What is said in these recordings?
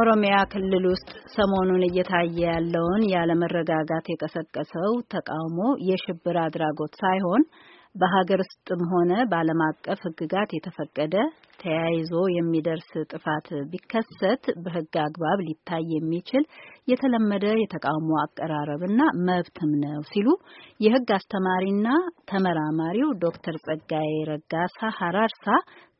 ኦሮሚያ ክልል ውስጥ ሰሞኑን እየታየ ያለውን ያለመረጋጋት የቀሰቀሰው ተቃውሞ የሽብር አድራጎት ሳይሆን በሀገር ውስጥም ሆነ በዓለም አቀፍ ሕግጋት የተፈቀደ ተያይዞ የሚደርስ ጥፋት ቢከሰት በሕግ አግባብ ሊታይ የሚችል የተለመደ የተቃውሞ አቀራረብና መብትም ነው ሲሉ የሕግ አስተማሪና ተመራማሪው ዶክተር ጸጋዬ ረጋሳ ሀራርሳ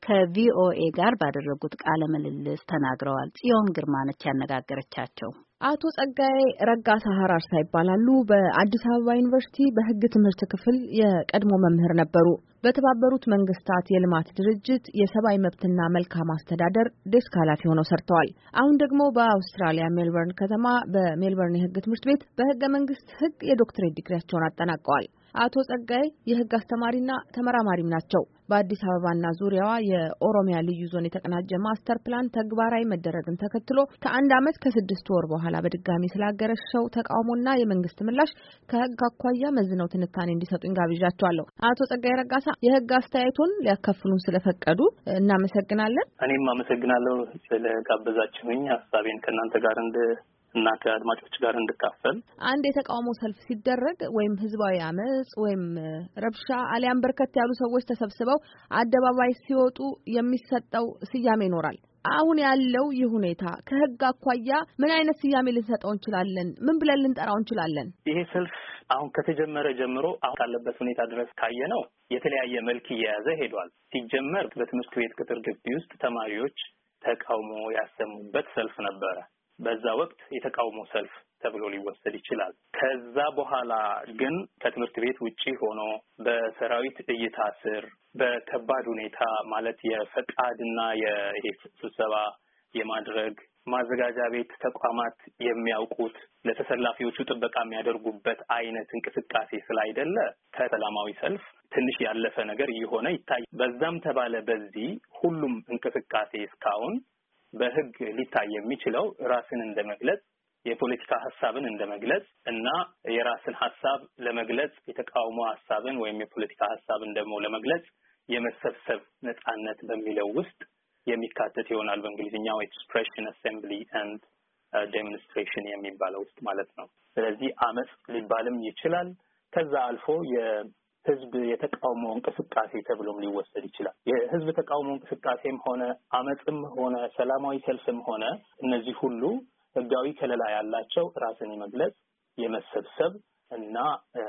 ከቪኦኤ ጋር ባደረጉት ቃለ ምልልስ ተናግረዋል። ጽዮን ግርማ ነች ያነጋገረቻቸው። አቶ ጸጋዬ ረጋሳ ሀራርሳ ይባላሉ። በአዲስ አበባ ዩኒቨርሲቲ በሕግ ትምህርት ክፍል የቀድሞ መምህር ነበሩ። በተባበሩት መንግስታት የልማት ድርጅት የሰብአዊ መብትና መልካም አስተዳደር ዴስክ ኃላፊ ሆነው ሰርተዋል። አሁን ደግሞ በአውስትራሊያ ሜልበርን ከተማ በሜልበርን የሕግ ትምህርት ቤት በሕገ መንግስት ሕግ የዶክትሬት ዲግሪያቸውን አጠናቀዋል። አቶ ጸጋይ የህግ አስተማሪና ተመራማሪም ናቸው። በአዲስ አበባና ዙሪያዋ የኦሮሚያ ልዩ ዞን የተቀናጀ ማስተር ፕላን ተግባራዊ መደረግን ተከትሎ ከአንድ ዓመት ከስድስት ወር በኋላ በድጋሚ ስላገረሸው ተቃውሞና የመንግስት ምላሽ ከህግ አኳያ መዝነው ትንታኔ እንዲሰጡኝ ጋብዣቸዋለሁ። አቶ ጸጋይ ረጋሳ የህግ አስተያየቱን ሊያካፍሉን ስለፈቀዱ እናመሰግናለን። እኔም አመሰግናለሁ ስለጋበዛችሁኝ ሀሳቤን ከእናንተ ጋር እንደ እና ከአድማጮች ጋር እንድካፈል አንድ የተቃውሞ ሰልፍ ሲደረግ ወይም ህዝባዊ አመፅ ወይም ረብሻ አሊያም በርከት ያሉ ሰዎች ተሰብስበው አደባባይ ሲወጡ የሚሰጠው ስያሜ ይኖራል። አሁን ያለው ይህ ሁኔታ ከህግ አኳያ ምን አይነት ስያሜ ልንሰጠው እንችላለን? ምን ብለን ልንጠራው እንችላለን? ይሄ ሰልፍ አሁን ከተጀመረ ጀምሮ አሁን ካለበት ሁኔታ ድረስ ካየ ነው የተለያየ መልክ እየያዘ ሄዷል። ሲጀመር በትምህርት ቤት ቅጥር ግቢ ውስጥ ተማሪዎች ተቃውሞ ያሰሙበት ሰልፍ ነበረ። በዛ ወቅት የተቃውሞ ሰልፍ ተብሎ ሊወሰድ ይችላል። ከዛ በኋላ ግን ከትምህርት ቤት ውጪ ሆኖ በሰራዊት እይታ ስር በከባድ ሁኔታ ማለት የፈቃድና ይሄ ስብሰባ የማድረግ ማዘጋጃ ቤት ተቋማት የሚያውቁት ለተሰላፊዎቹ ጥበቃ የሚያደርጉበት አይነት እንቅስቃሴ ስላይደለ ከሰላማዊ ሰልፍ ትንሽ ያለፈ ነገር እየሆነ ይታያል። በዛም ተባለ በዚህ ሁሉም እንቅስቃሴ እስካሁን በህግ ሊታይ የሚችለው ራስን እንደ መግለጽ የፖለቲካ ሀሳብን እንደ መግለጽ እና የራስን ሀሳብ ለመግለጽ የተቃውሞ ሀሳብን ወይም የፖለቲካ ሀሳብን ደግሞ ለመግለጽ የመሰብሰብ ነጻነት በሚለው ውስጥ የሚካተት ይሆናል። በእንግሊዝኛው ኤክስፕሬሽን አሴምብሊ ኤንድ ዴሞንስትሬሽን የሚባለው ውስጥ ማለት ነው። ስለዚህ አመጽ ሊባልም ይችላል። ከዛ አልፎ ህዝብ የተቃውሞ እንቅስቃሴ ተብሎም ሊወሰድ ይችላል። የህዝብ ተቃውሞ እንቅስቃሴም ሆነ አመፅም ሆነ ሰላማዊ ሰልፍም ሆነ እነዚህ ሁሉ ህጋዊ ከለላ ያላቸው ራስን የመግለጽ የመሰብሰብ እና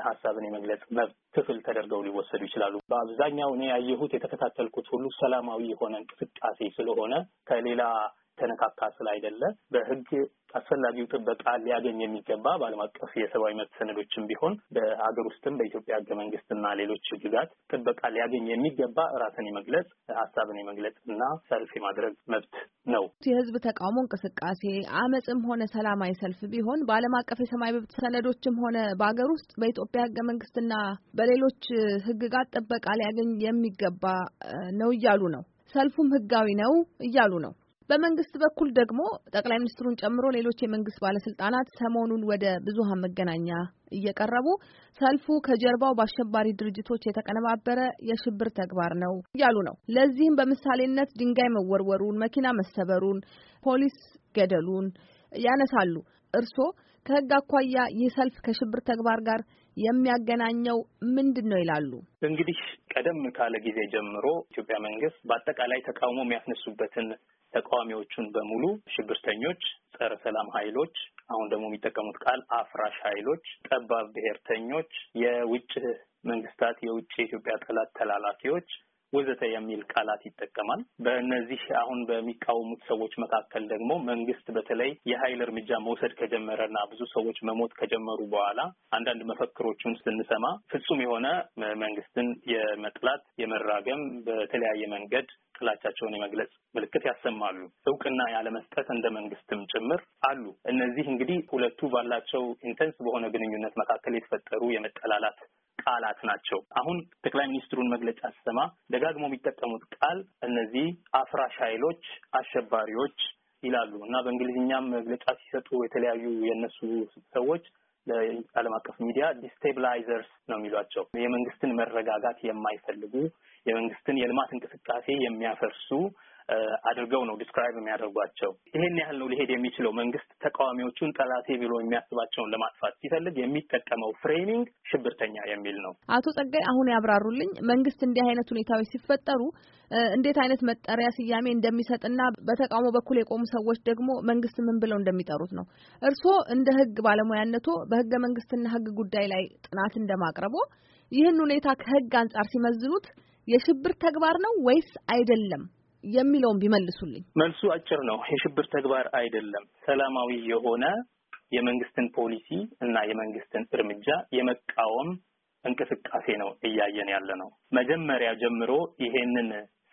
ሀሳብን የመግለጽ መብት ክፍል ተደርገው ሊወሰዱ ይችላሉ። በአብዛኛው እኔ ያየሁት የተከታተልኩት ሁሉ ሰላማዊ የሆነ እንቅስቃሴ ስለሆነ ከሌላ የተነካካ ስላይደለ በህግ አስፈላጊው ጥበቃ ሊያገኝ የሚገባ በዓለም አቀፍ የሰብአዊ መብት ሰነዶችም ቢሆን በሀገር ውስጥም በኢትዮጵያ ህገ መንግስትና ሌሎች ህግጋት ጥበቃ ሊያገኝ የሚገባ ራስን የመግለጽ ሀሳብን የመግለጽ እና ሰልፍ የማድረግ መብት ነው። የህዝብ ተቃውሞ እንቅስቃሴ አመፅም ሆነ ሰላማዊ ሰልፍ ቢሆን በዓለም አቀፍ የሰብአዊ መብት ሰነዶችም ሆነ በሀገር ውስጥ በኢትዮጵያ ህገ መንግስትና በሌሎች ህግጋት ጥበቃ ሊያገኝ የሚገባ ነው እያሉ ነው። ሰልፉም ህጋዊ ነው እያሉ ነው። በመንግስት በኩል ደግሞ ጠቅላይ ሚኒስትሩን ጨምሮ ሌሎች የመንግስት ባለስልጣናት ሰሞኑን ወደ ብዙሃን መገናኛ እየቀረቡ ሰልፉ ከጀርባው በአሸባሪ ድርጅቶች የተቀነባበረ የሽብር ተግባር ነው እያሉ ነው። ለዚህም በምሳሌነት ድንጋይ መወርወሩን፣ መኪና መሰበሩን፣ ፖሊስ ገደሉን ያነሳሉ። እርስዎ ከህግ አኳያ ይህ ሰልፍ ከሽብር ተግባር ጋር የሚያገናኘው ምንድን ነው ይላሉ? እንግዲህ ቀደም ካለ ጊዜ ጀምሮ ኢትዮጵያ መንግስት በአጠቃላይ ተቃውሞ የሚያስነሱበትን ተቃዋሚዎቹን በሙሉ ሽብርተኞች፣ ጸረ ሰላም ኃይሎች አሁን ደግሞ የሚጠቀሙት ቃል አፍራሽ ኃይሎች፣ ጠባብ ብሔርተኞች፣ የውጭ መንግስታት የውጭ የኢትዮጵያ ጠላት ተላላፊዎች ወዘተ የሚል ቃላት ይጠቀማል። በእነዚህ አሁን በሚቃወሙት ሰዎች መካከል ደግሞ መንግስት በተለይ የኃይል እርምጃ መውሰድ ከጀመረ እና ብዙ ሰዎች መሞት ከጀመሩ በኋላ አንዳንድ መፈክሮችን ስንሰማ ፍጹም የሆነ መንግስትን የመጥላት የመራገም በተለያየ መንገድ ጥላቻቸውን የመግለጽ ምልክት ያሰማሉ። እውቅና ያለመስጠት እንደ መንግስትም ጭምር አሉ። እነዚህ እንግዲህ ሁለቱ ባላቸው ኢንተንስ በሆነ ግንኙነት መካከል የተፈጠሩ የመጠላላት ቃላት ናቸው። አሁን ጠቅላይ ሚኒስትሩን መግለጫ ስሰማ ደጋግሞ የሚጠቀሙት ቃል እነዚህ አፍራሽ ኃይሎች፣ አሸባሪዎች ይላሉ እና በእንግሊዝኛም መግለጫ ሲሰጡ የተለያዩ የእነሱ ሰዎች ለዓለም አቀፍ ሚዲያ ዲስቴብላይዘርስ ነው የሚሏቸው የመንግስትን መረጋጋት የማይፈልጉ የመንግስትን የልማት እንቅስቃሴ የሚያፈርሱ አድርገው ነው ዲስክራይብ የሚያደርጓቸው። ይሄን ያህል ነው ሊሄድ የሚችለው መንግስት ተቃዋሚዎቹን ጠላቴ ብሎ የሚያስባቸውን ለማጥፋት ሲፈልግ የሚጠቀመው ፍሬሚንግ ሽብርተኛ የሚል ነው። አቶ ጸጋይ አሁን ያብራሩልኝ መንግስት እንዲህ አይነት ሁኔታዎች ሲፈጠሩ እንዴት አይነት መጠሪያ ስያሜ እንደሚሰጥና በተቃውሞ በኩል የቆሙ ሰዎች ደግሞ መንግስት ምን ብለው እንደሚጠሩት ነው። እርስዎ እንደ ህግ ባለሙያነቶ በህገ መንግስትና ህግ ጉዳይ ላይ ጥናት እንደማቅረቦ ይህን ሁኔታ ከህግ አንጻር ሲመዝኑት የሽብር ተግባር ነው ወይስ አይደለም የሚለውን ቢመልሱልኝ። መልሱ አጭር ነው። የሽብር ተግባር አይደለም። ሰላማዊ የሆነ የመንግስትን ፖሊሲ እና የመንግስትን እርምጃ የመቃወም እንቅስቃሴ ነው እያየን ያለ ነው። መጀመሪያ ጀምሮ ይሄንን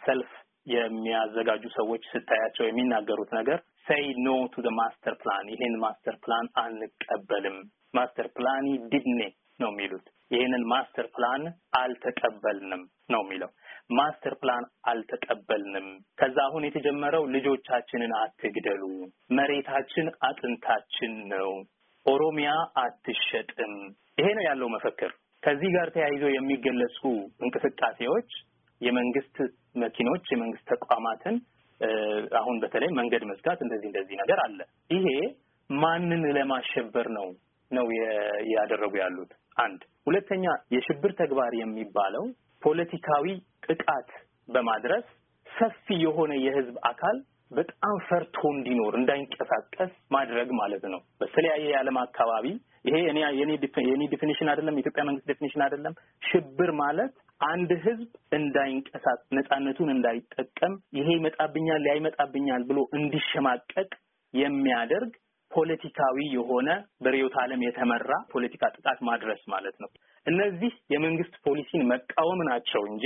ሰልፍ የሚያዘጋጁ ሰዎች ስታያቸው የሚናገሩት ነገር ሴይ ኖ ቱ ማስተር ፕላን፣ ይሄን ማስተር ፕላን አንቀበልም። ማስተር ፕላኒ ዲድኔ ነው የሚሉት። ይህንን ማስተር ፕላን አልተቀበልንም ነው የሚለው። ማስተር ፕላን አልተቀበልንም። ከዛ አሁን የተጀመረው ልጆቻችንን አትግደሉ፣ መሬታችን አጥንታችን ነው፣ ኦሮሚያ አትሸጥም። ይሄ ነው ያለው መፈክር። ከዚህ ጋር ተያይዞ የሚገለጹ እንቅስቃሴዎች የመንግስት መኪኖች፣ የመንግስት ተቋማትን አሁን በተለይ መንገድ መዝጋት፣ እንደዚህ እንደዚህ ነገር አለ። ይሄ ማንን ለማሸበር ነው? ነው ያደረጉ ያሉት። አንድ ሁለተኛ የሽብር ተግባር የሚባለው ፖለቲካዊ ጥቃት በማድረስ ሰፊ የሆነ የህዝብ አካል በጣም ፈርቶ እንዲኖር እንዳይንቀሳቀስ ማድረግ ማለት ነው። በተለያየ የዓለም አካባቢ ይሄ የኔ ዲፊኒሽን አይደለም፣ የኢትዮጵያ መንግስት ዲፊኒሽን አይደለም። ሽብር ማለት አንድ ህዝብ እንዳይንቀሳቀስ ነጻነቱን እንዳይጠቀም ይሄ ይመጣብኛል ያይመጣብኛል ብሎ እንዲሸማቀቅ የሚያደርግ ፖለቲካዊ የሆነ በርዕዮተ ዓለም የተመራ ፖለቲካ ጥቃት ማድረስ ማለት ነው። እነዚህ የመንግስት ፖሊሲን መቃወም ናቸው እንጂ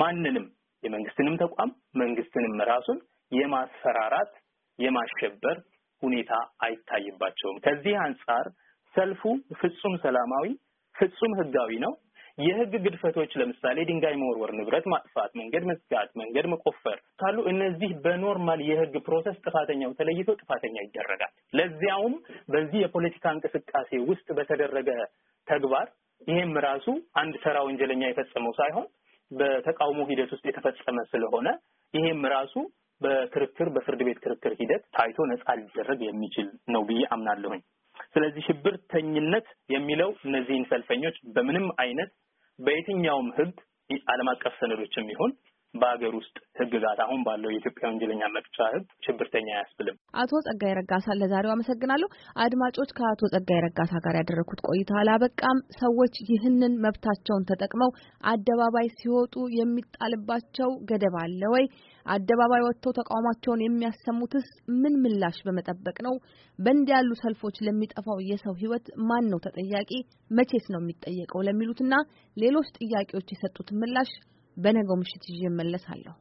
ማንንም የመንግስትንም ተቋም መንግስትንም ራሱን የማስፈራራት የማሸበር ሁኔታ አይታይባቸውም። ከዚህ አንጻር ሰልፉ ፍጹም ሰላማዊ፣ ፍጹም ህጋዊ ነው። የህግ ግድፈቶች ለምሳሌ ድንጋይ መወርወር፣ ንብረት ማጥፋት፣ መንገድ መዝጋት፣ መንገድ መቆፈር ካሉ እነዚህ በኖርማል የህግ ፕሮሰስ ጥፋተኛው ተለይቶ ጥፋተኛ ይደረጋል። ለዚያውም በዚህ የፖለቲካ እንቅስቃሴ ውስጥ በተደረገ ተግባር ይህም ራሱ አንድ ተራ ወንጀለኛ የፈጸመው ሳይሆን በተቃውሞ ሂደት ውስጥ የተፈጸመ ስለሆነ ይሄም ራሱ በክርክር በፍርድ ቤት ክርክር ሂደት ታይቶ ነጻ ሊደረግ የሚችል ነው ብዬ አምናለሁኝ። ስለዚህ ሽብርተኝነት የሚለው እነዚህን ሰልፈኞች በምንም አይነት በየትኛውም ህግ ዓለም አቀፍ ሰነዶችም ይሁን በሀገር ውስጥ ህግጋት አሁን ባለው የኢትዮጵያ ወንጀለኛ መቅጫ ህግ ሽብርተኛ አያስብልም። አቶ ጸጋይ ረጋሳ ለዛሬው አመሰግናለሁ። አድማጮች ከአቶ ጸጋይ ረጋሳ ጋር ያደረኩት ቆይታ አላበቃም። ሰዎች ይህንን መብታቸውን ተጠቅመው አደባባይ ሲወጡ የሚጣልባቸው ገደብ አለ ወይ? አደባባይ ወጥተው ተቃውሟቸውን የሚያሰሙትስ ምን ምላሽ በመጠበቅ ነው? በእንዲህ ያሉ ሰልፎች ለሚጠፋው የሰው ህይወት ማን ነው ተጠያቂ? መቼስ ነው የሚጠየቀው? ለሚሉትና ሌሎች ጥያቄዎች የሰጡት ምላሽ በነገው ምሽት ይዤ እመለሳለሁ።